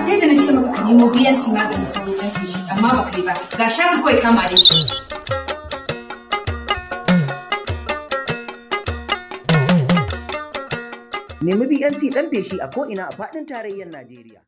sai da na ce maka ka nemo BNC maganin sauran ɗan amma ba kai ba ga sharar kawai kama ne. Nemi BNC ɗan feshi a ko'ina a faɗin tarayyar Najeriya.